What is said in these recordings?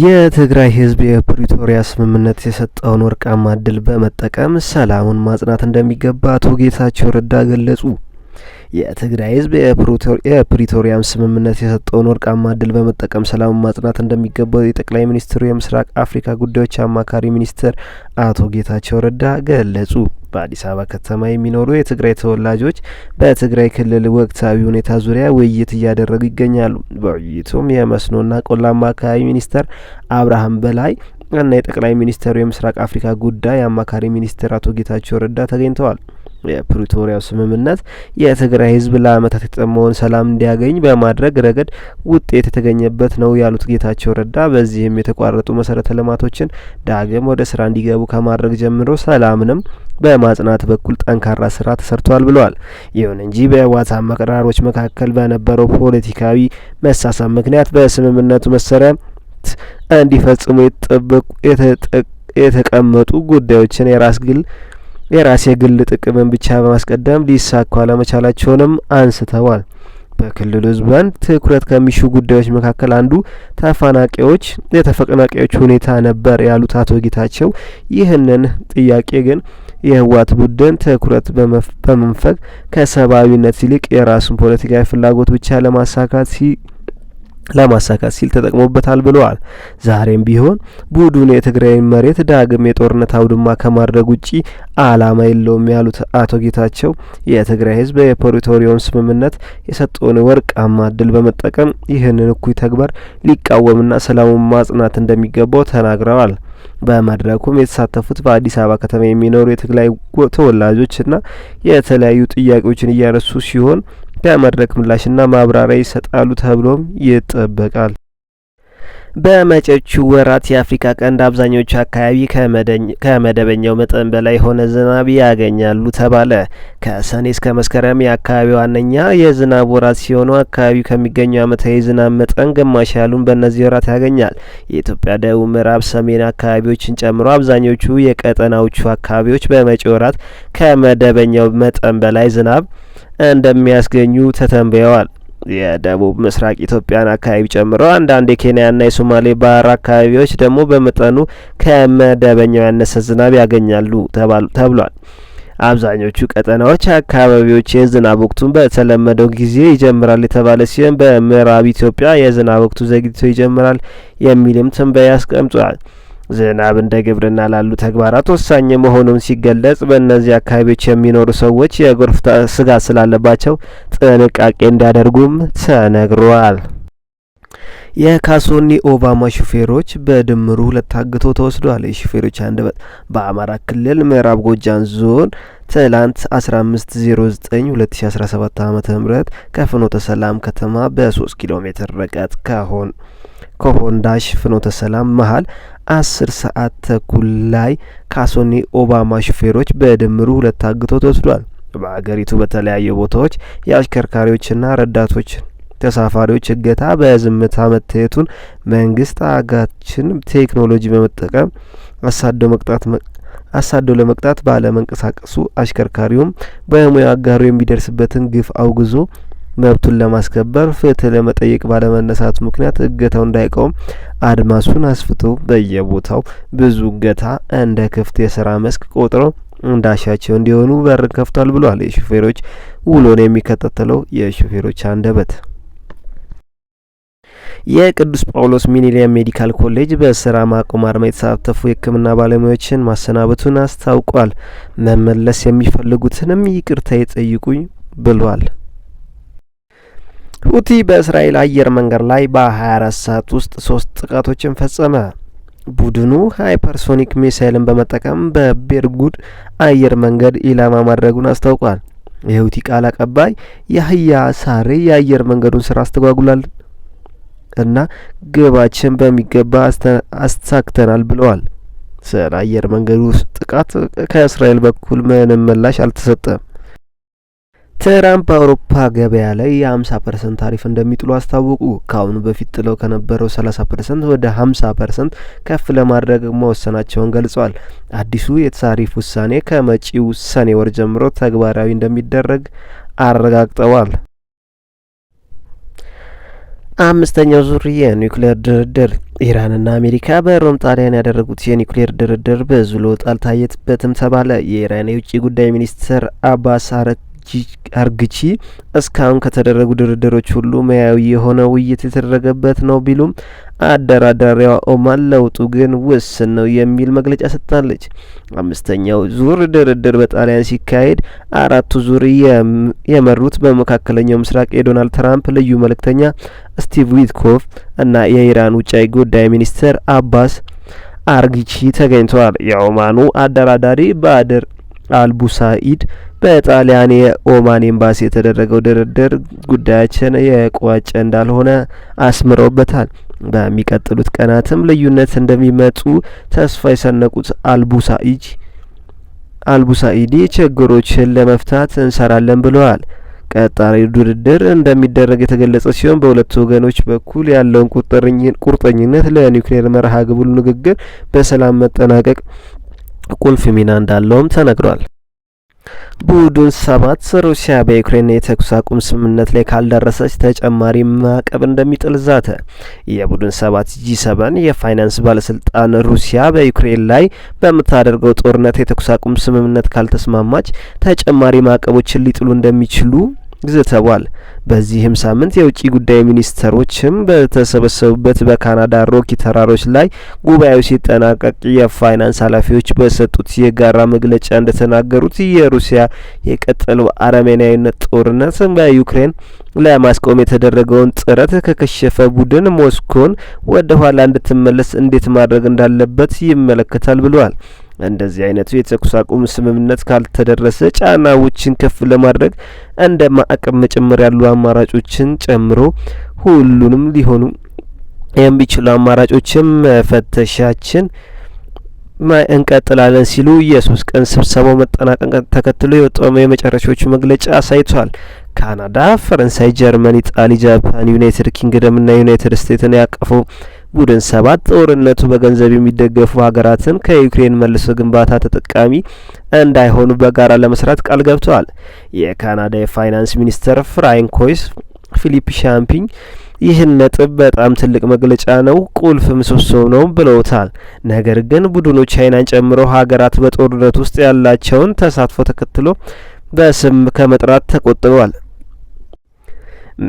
የትግራይ ህዝብ የፕሪቶሪያ ስምምነት የሰጠውን ወርቃማ እድል በመጠቀም ሰላሙን ማጽናት እንደሚገባ አቶ ጌታቸው ረዳ ገለጹ። የትግራይ ህዝብ የፕሪቶሪያም ስምምነት የሰጠውን ወርቃማ እድል በመጠቀም ሰላም ማጽናት እንደሚገባው የጠቅላይ ሚኒስትሩ የምስራቅ አፍሪካ ጉዳዮች አማካሪ ሚኒስትር አቶ ጌታቸው ረዳ ገለጹ። በአዲስ አበባ ከተማ የሚኖሩ የትግራይ ተወላጆች በትግራይ ክልል ወቅታዊ ሁኔታ ዙሪያ ውይይት እያደረጉ ይገኛሉ። በውይይቱም የመስኖና ቆላማ አካባቢ ሚኒስተር አብርሃም በላይ እና የጠቅላይ ሚኒስተሩ የምስራቅ አፍሪካ ጉዳይ አማካሪ ሚኒስትር አቶ ጌታቸው ረዳ ተገኝተዋል። የፕሪቶሪያው ስምምነት የትግራይ ህዝብ ለአመታት የተጠመውን ሰላም እንዲያገኝ በማድረግ ረገድ ውጤት የተገኘበት ነው ያሉት ጌታቸው ረዳ በዚህም የተቋረጡ መሰረተ ልማቶችን ዳግም ወደ ስራ እንዲገቡ ከማድረግ ጀምሮ ሰላምንም በማጽናት በኩል ጠንካራ ስራ ተሰርቷል ብለዋል። ይሁን እንጂ በህወሓት አመራሮች መካከል በነበረው ፖለቲካዊ መሳሳብ ምክንያት በስምምነቱ መሰረት እንዲፈጽሙ የተጠበቁ የተቀመጡ ጉዳዮችን የራስ ግል የራሴ ግል ጥቅምን ብቻ በማስቀደም ሊሳኩ አለመቻላቸውንም አንስተዋል። በክልሉ ሕዝብ ዘንድ ትኩረት ከሚሹ ጉዳዮች መካከል አንዱ ተፈናቃዮች የተፈናቃዮች ሁኔታ ነበር ያሉት አቶ ጌታቸው ይህንን ጥያቄ ግን የህወሓት ቡድን ትኩረት በመንፈግ ከሰብአዊነት ይልቅ የራሱን ፖለቲካዊ ፍላጎት ብቻ ለማሳካት ሲ ለማሳካት ሲል ተጠቅሞበታል ብለዋል። ዛሬም ቢሆን ቡድኑ የትግራይን መሬት ዳግም የጦርነት አውድማ ከማድረግ ውጪ አላማ የለውም ያሉት አቶ ጌታቸው የትግራይ ሕዝብ የፕሪቶሪያውን ስምምነት የሰጠውን ወርቃማ እድል በመጠቀም ይህንን እኩይ ተግባር ሊቃወምና ሰላሙን ማጽናት እንደሚገባው ተናግረዋል። በመድረኩም የተሳተፉት በአዲስ አበባ ከተማ የሚኖሩ የትግራይ ተወላጆችና የተለያዩ ጥያቄዎችን እያነሱ ሲሆን ያ ምላሽና ማብራሪያ ይሰጣሉ ተብሎም ይጠበቃል። በመጪዎቹ ወራት የአፍሪካ ቀንድ አብዛኞቹ አካባቢ ከመደበኛው መጠን በላይ የሆነ ዝናብ ያገኛሉ ተባለ። ከሰኔ እስከ መስከረም የአካባቢው ዋነኛ የዝናብ ወራት ሲሆኑ አካባቢው ከሚገኘው አመታዊ የዝናብ መጠን ግማሽ ያሉን በእነዚህ ወራት ያገኛል። የኢትዮጵያ ደቡብ ምዕራብ፣ ሰሜን አካባቢዎችን ጨምሮ አብዛኞቹ የቀጠናዎቹ አካባቢዎች በመጪ ወራት ከመደበኛው መጠን በላይ ዝናብ እንደሚያስገኙ ተተንብየዋል። የደቡብ ምስራቅ ኢትዮጵያን አካባቢ ጨምሮ አንዳንድ የኬንያና የሶማሌ ባህር አካባቢዎች ደግሞ በመጠኑ ከመደበኛው ያነሰ ዝናብ ያገኛሉ ተብሏል። አብዛኞቹ ቀጠናዎች አካባቢዎች የዝናብ ወቅቱን በተለመደው ጊዜ ይጀምራል የተባለ ሲሆን በምዕራብ ኢትዮጵያ የዝናብ ወቅቱ ዘግይቶ ይጀምራል የሚልም ትንበያ አስቀምጧል። ዝናብ እንደ ግብርና ላሉ ተግባራት ወሳኝ መሆኑን ሲገለጽ በእነዚህ አካባቢዎች የሚኖሩ ሰዎች የጎርፍ ስጋት ስላለባቸው ጥንቃቄ እንዲያደርጉም ተነግሯል። የካሶኒ ኦባማ ሹፌሮች በድምሩ ሁለት አግቶ ተወስዷል። የሹፌሮች አንደበት በአማራ ክልል ምዕራብ ጎጃም ዞን ትላንት 15092017 ዓ ም ከፍኖተ ሰላም ከተማ በ3 ኪሎ ሜትር ርቀት ከሆን ከሆንዳሽ ፍኖተ ሰላም መሀል አስር ሰዓት ተኩል ላይ ካሶኒ ኦባማ ሹፌሮች በድምሩ ሁለት አግቶ ተወስዷል። በአገሪቱ በተለያዩ ቦታዎች የአሽከርካሪዎችና ረዳቶች ተሳፋሪዎች እገታ በዝምታ መታየቱን መንግስት አጋችን ቴክኖሎጂ በመጠቀም አሳዶ መቅጣት አሳዶ ለመቅጣት ባለመንቀሳቀሱ አሽከርካሪውም በሙያ አጋሩ የሚደርስበትን ግፍ አውግዞ መብቱን ለማስከበር ፍትህ ለመጠየቅ ባለመነሳቱ ምክንያት እገታው እንዳይቀውም አድማሱን አስፍቶ በየቦታው ብዙ እገታ እንደ ክፍት የስራ መስክ ቆጥሮ እንዳሻቸው እንዲሆኑ በር ከፍቷል ብሏል። የሹፌሮች ውሎን የሚከታተለው የሹፌሮች አንደበት የቅዱስ ጳውሎስ ሚሊኒየም ሜዲካል ኮሌጅ በስራ ማቆም አድማ የተሳተፉ የሕክምና ባለሙያዎችን ማሰናበቱን አስታውቋል። መመለስ የሚፈልጉትንም ይቅርታ ይጠይቁኝ ብሏል። ሁቲ በእስራኤል አየር መንገድ ላይ በ24 ሰዓት ውስጥ ሶስት ጥቃቶችን ፈጸመ። ቡድኑ ሃይፐርሶኒክ ሚሳይልን በመጠቀም በቤርጉድ አየር መንገድ ኢላማ ማድረጉን አስታውቋል። የሁቲ ቃል አቀባይ ያህያ ሳሬ የአየር መንገዱን ስራ አስተጓጉላል እና ግባችን በሚገባ አሳክተናል ብለዋል። ስለ አየር መንገዱ ጥቃት ከእስራኤል በኩል ምንም ምላሽ አልተሰጠም። ትራምፕ አውሮፓ ገበያ ላይ የ50 ፐርሰንት ታሪፍ እንደሚጥሉ አስታወቁ። ከአሁኑ በፊት ጥለው ከነበረው 30 ፐርሰንት ወደ 50 ፐርሰንት ከፍ ለማድረግ መወሰናቸውን ገልጸዋል። አዲሱ የታሪፍ ውሳኔ ከመጪው ሰኔ ወር ጀምሮ ተግባራዊ እንደሚደረግ አረጋግጠዋል። አምስተኛው ዙር የኒውክሌር ድርድር ኢራንና አሜሪካ በሮም ጣሊያን ያደረጉት የኒውክሌር ድርድር ብዙ ለውጥ አልታየበትም ተባለ። የኢራን የውጭ ጉዳይ ሚኒስትር አባስ አረክ አርግቺ እስካሁን ከተደረጉ ድርድሮች ሁሉ መያዊ የሆነ ውይይት የተደረገበት ነው ቢሉም አደራዳሪዋ ኦማን ለውጡ ግን ውስን ነው የሚል መግለጫ ሰጥታለች። አምስተኛው ዙር ድርድር በጣሊያን ሲካሄድ አራቱ ዙር የመሩት በመካከለኛው ምስራቅ የዶናልድ ትራምፕ ልዩ መልእክተኛ ስቲቭ ዊትኮፍ እና የኢራን ውጫዊ ጉዳይ ሚኒስትር አባስ አርግቺ ተገኝተዋል። የኦማኑ አደራዳሪ ባድር አልቡሳኢድ በጣሊያን የኦማን ኤምባሲ የተደረገው ድርድር ጉዳያችን የቋጨ እንዳልሆነ አስምረውበታል። በሚቀጥሉት ቀናትም ልዩነት እንደሚመጡ ተስፋ የሰነቁት አልቡሳኢጅ አልቡሳኢዲ ችግሮችን ለመፍታት እንሰራለን ብለዋል። ቀጣሪ ድርድር እንደሚደረግ የተገለጸ ሲሆን በሁለቱ ወገኖች በኩል ያለውን ቁርጠኝነት ለኒውክሌር መርሃ ግብሩ ንግግር በሰላም መጠናቀቅ ቁልፍ ሚና እንዳለውም ተነግሯል። ቡድን ሰባት ሩሲያ በዩክሬን የተኩስ አቁም ስምምነት ላይ ካልደረሰች ተጨማሪ ማዕቀብ እንደሚጥል ዛተ። የቡድን ሰባት ጂ ሰበን የፋይናንስ ባለስልጣን ሩሲያ በዩክሬን ላይ በምታደርገው ጦርነት የተኩስ አቁም ስምምነት ካልተስማማች ተጨማሪ ማዕቀቦችን ሊጥሉ እንደሚችሉ ዝተቧል። በዚህም ሳምንት የውጭ ጉዳይ ሚኒስተሮችም በተሰበሰቡበት በካናዳ ሮኪ ተራሮች ላይ ጉባኤው ሲጠናቀቅ የፋይናንስ ኃላፊዎች በሰጡት የጋራ መግለጫ እንደተናገሩት የሩሲያ የቀጠሉ አረመኔያዊነት ጦርነት በዩክሬን ለማስቆም የተደረገውን ጥረት ከከሸፈ ቡድን ሞስኮን ወደ ኋላ እንድትመለስ እንዴት ማድረግ እንዳለበት ይመለከታል ብለዋል። እንደዚህ አይነቱ የተኩስ አቁም ስምምነት ካልተደረሰ ጫናዎችን ከፍ ለማድረግ እንደ ማዕቀብ መጨመር ያሉ አማራጮችን ጨምሮ ሁሉንም ሊሆኑ የሚችሉ አማራጮችን መፈተሻችን እንቀጥላለን ሲሉ የሶስት ቀን ስብሰባው መጠናቀቅ ተከትሎ የወጣው የመጨረሻዎቹ መግለጫ አሳይቷል። ካናዳ፣ ፈረንሳይ፣ ጀርመን፣ ኢጣሊ፣ ጃፓን፣ ዩናይትድ ና ዩናይትድ ስቴትስን ያቀፈው ቡድን ሰባት ጦርነቱ በገንዘብ የሚደገፉ ሀገራትን ከዩክሬን መልሶ ግንባታ ተጠቃሚ እንዳይሆኑ በጋራ ለመስራት ቃል ገብተዋል። የካናዳ የፋይናንስ ሚኒስተር ኮይስ ፊሊፕ ሻምፒኝ ይህን ነጥብ በጣም ትልቅ መግለጫ ነው፣ ቁልፍ ምሰሶ ነው ብለውታል። ነገር ግን ቡድኑ ቻይናን ጨምሮ ሀገራት በጦርነት ውስጥ ያላቸውን ተሳትፎ ተከትሎ በስም ከመጥራት ተቆጥበዋል።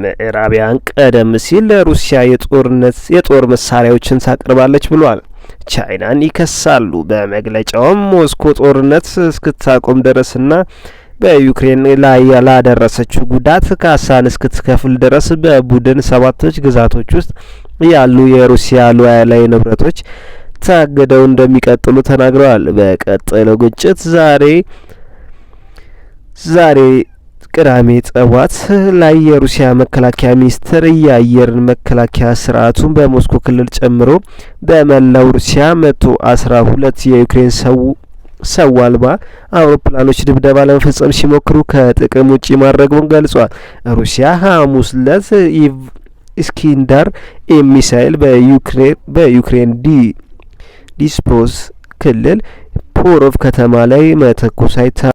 ምዕራቢያን ቀደም ሲል ለሩሲያ የጦርነት የጦር መሳሪያዎችን ታቀርባለች ብሏል። ቻይናን ይከሳሉ። በመግለጫውም ሞስኮ ጦርነት እስክታቆም ድረስና በዩክሬን ላይ ላደረሰችው ጉዳት ካሳን እስክትከፍል ድረስ በቡድን ሰባቶች ግዛቶች ውስጥ ያሉ የሩሲያ ሉዓላዊ ንብረቶች ታግደው እንደሚቀጥሉ ተናግረዋል። በቀጠለው ግጭት ዛሬ ዛሬ ቅዳሜ ጠዋት ላይ የሩሲያ መከላከያ ሚኒስትር የአየርን መከላከያ ስርዓቱን በሞስኮ ክልል ጨምሮ በመላው ሩሲያ መቶ አስራ ሁለት የዩክሬን ሰው ሰው አልባ አውሮፕላኖች ድብደባ ለመፈጸም ሲሞክሩ ከጥቅም ውጪ ማድረጉን ገልጿል። ሩሲያ ሐሙስ ዕለት ኢስኪንዳር ሚሳይል በዩክሬን ዲ ዲስፖዝ ክልል ፖሮቭ ከተማ ላይ መተኮሳይታ